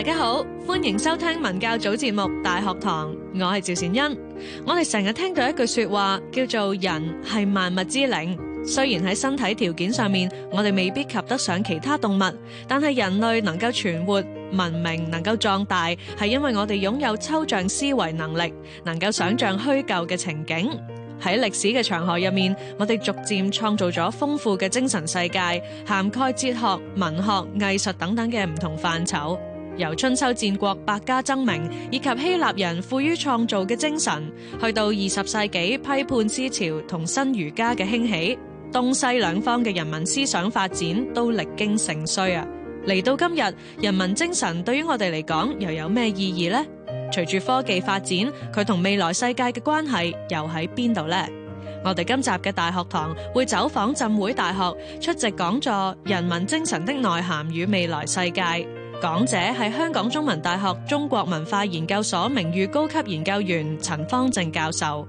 大家好，歡迎收聽文教組節目《大學堂》。我係趙善恩。我哋成日聽到一句說話，叫做人係萬物之靈。雖然喺身體條件上面，我哋未必及得上其他動物，但係人類能夠存活、文明能夠壯大，係因為我哋擁有抽象思維能力，能夠想象虛構嘅情景。喺歷史嘅長河入面，我哋逐漸創造咗豐富嘅精神世界，涵蓋哲學、文學、藝術等等嘅唔同範疇。由春秋戰國百家爭鳴，以及希臘人富於創造嘅精神，去到二十世紀批判思潮同新儒家嘅興起，東西兩方嘅人文思想發展都歷經盛衰啊。嚟到今日，人文精神對於我哋嚟講又有咩意義呢？隨住科技發展，佢同未來世界嘅關係又喺邊度呢？我哋今集嘅大學堂會走訪浸會大學，出席講座《人文精神的內涵與未來世界》。講者係香港中文大學中國文化研究所名譽高級研究員陳方正教授。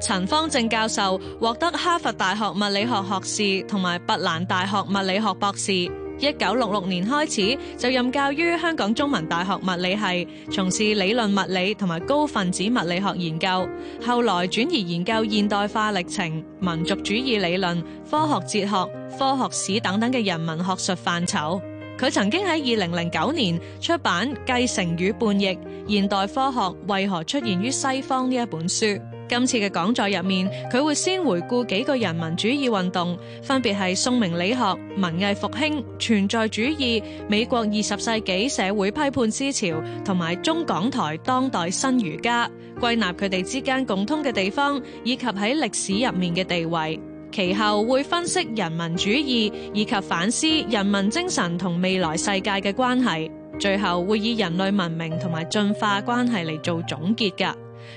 陳方正教授獲得哈佛大學物理學學士同埋布蘭大學物理學博士。一九六六年開始就任教於香港中文大學物理係，從事理論物理同埋高分子物理學研究。後來轉而研究現代化歷程、民族主義理論、科學哲學、科學史等等嘅人文學術範疇。佢曾經喺二零零九年出版《繼承與叛逆：現代科學為何出現於西方》呢一本書。今次嘅講座入面，佢會先回顧幾個人文主義運動，分別係宋明理學、文藝復興、存在主義、美國二十世紀社會批判思潮同埋中港台當代新儒家，歸納佢哋之間共通嘅地方以及喺歷史入面嘅地位。其後會分析人文主義以及反思人文精神同未來世界嘅關係，最後會以人類文明同埋進化關係嚟做總結㗎。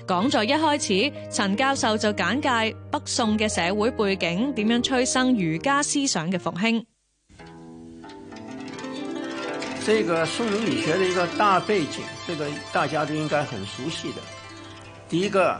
講座一開始，陳教授就簡介北宋嘅社會背景點樣催生儒家思想嘅復興。這個宋明理學嘅一個大背景，這個大家都應該很熟悉嘅。第一個。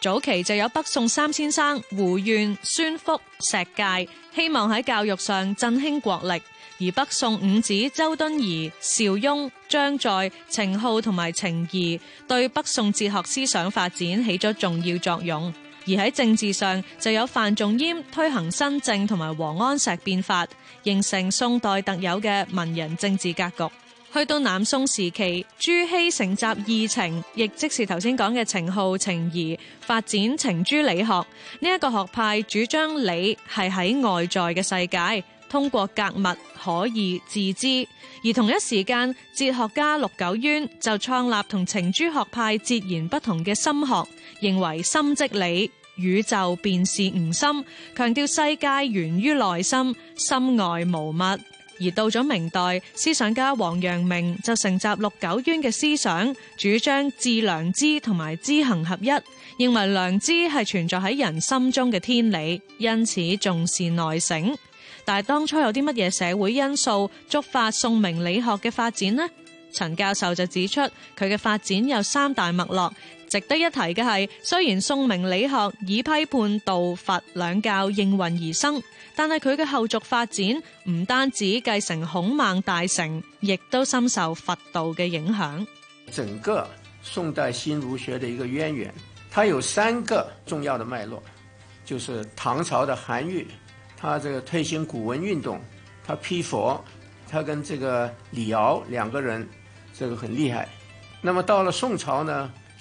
早期就有北宋三先生胡瑗、孫復、石介，希望喺教育上振興國力；而北宋五子周敦頤、邵雍、張載、程顥同埋程頤，對北宋哲學思想發展起咗重要作用。而喺政治上，就有范仲淹推行新政同埋王安石變法，形成宋代特有嘅文人政治格局。去到南宋時期，朱熹承襲二程，亦即是頭先講嘅程顥、程頤，發展程朱理學呢一、這個學派，主張理係喺外在嘅世界，通過格物可以自知。而同一時間，哲學家陸九淵就創立同程朱學派截然不同嘅心學，認為心即理，宇宙便是吾心，強調世界源於內心，心外無物。而到咗明代，思想家王陽明就承襲陸九淵嘅思想，主張致良知同埋知行合一，認為良知係存在喺人心中嘅天理，因此重視內省。但係當初有啲乜嘢社會因素觸發宋明理學嘅發展呢？陳教授就指出，佢嘅發展有三大脈絡。值得一提嘅係，雖然宋明理學以批判道，道佛兩教應運而生，但係佢嘅後續發展唔單止繼承孔孟大成，亦都深受佛道嘅影響。整個宋代新儒學嘅一個淵源，它有三個重要的脈絡，就是唐朝的韓愈，他這個推行古文運動，他批佛，他跟這個李翱兩個人，這個很厲害。那麼到了宋朝呢？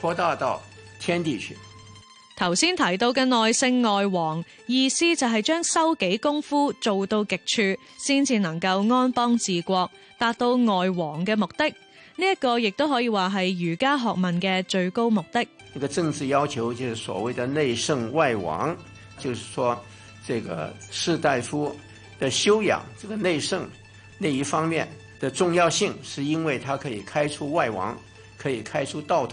擴大到天地去，頭先提到嘅內聖外王，意思就係將修己功夫做到極處，先至能夠安邦治國，達到外王嘅目的。呢、這、一個亦都可以話係儒家學問嘅最高目的。呢個政治要求就是所謂嘅內聖外王，就是說，這個士大夫嘅修養，這個內聖那一方面的重要性，是因為它可以開出外王，可以開出道統。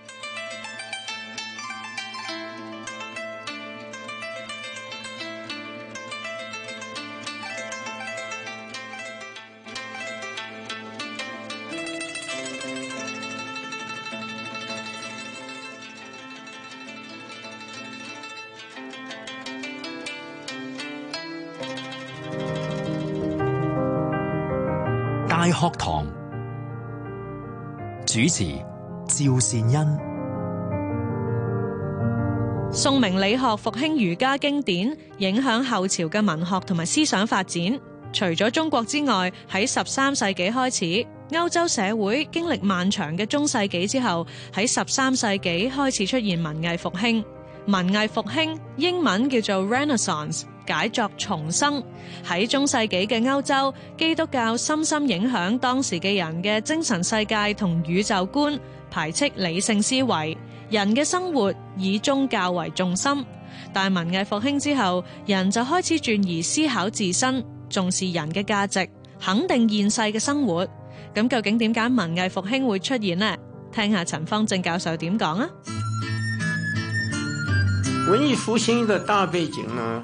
趙善恩，宋明理學復興儒家經典，影響後朝嘅文學同埋思想發展。除咗中國之外，喺十三世紀開始，歐洲社會經歷漫長嘅中世紀之後，喺十三世紀開始出現文藝復興。文藝復興，英文叫做 Renaissance。解作重生。喺中世紀嘅歐洲，基督教深深影響當時嘅人嘅精神世界同宇宙觀，排斥理性思維，人嘅生活以宗教為重心。但文藝復興之後，人就開始轉移思考自身，重視人嘅價值，肯定現世嘅生活。咁究竟點解文藝復興會出現呢？聽下陳方正教授點講啊！文藝復興嘅大背景呢？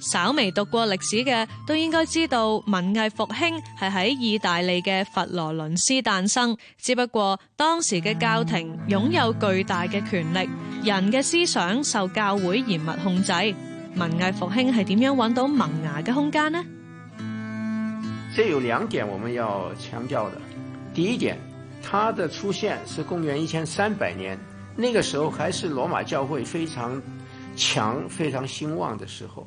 稍微讀過歷史嘅都應該知道，文藝復興係喺意大利嘅佛羅倫斯誕生。只不過當時嘅教廷擁有巨大嘅權力，人嘅思想受教會嚴密控制。文藝復興係點樣揾到萌芽嘅空間呢？這有兩點我們要強調的。第一點，它的出現是公元一千三百年，那個時候還是羅馬教會非常強、非常興旺的時候。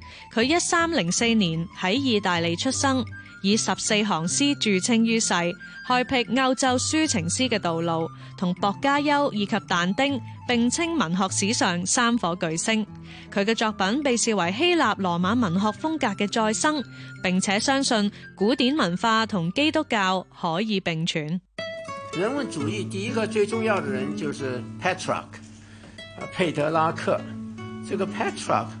佢一三零四年喺意大利出生，以十四行詩著稱於世，開闢歐洲抒情詩嘅道路，同薄家丘以及但丁並稱文學史上三火巨星。佢嘅作品被視為希臘羅馬文學風格嘅再生，並且相信古典文化同基督教可以並存。人文主義第一個最重要嘅人就是 p a t r a c h 啊，佩德拉克，這個 p e t r a r c k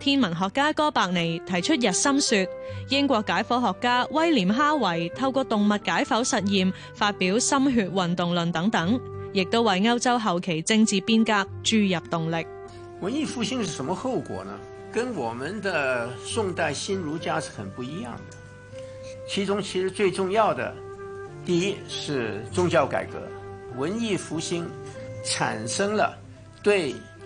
天文學家哥白尼提出日心說，英國解剖學家威廉哈維透過動物解剖實驗發表心血運動論等等，亦都為歐洲後期政治變革注入動力。文藝復興是什麼後果呢？跟我們的宋代新儒家是很不一樣的，其中其實最重要的，第一是宗教改革。文藝復興產生了對。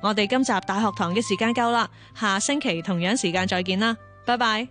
我哋今集大學堂嘅時間夠啦，下星期同樣時間再見啦，拜拜。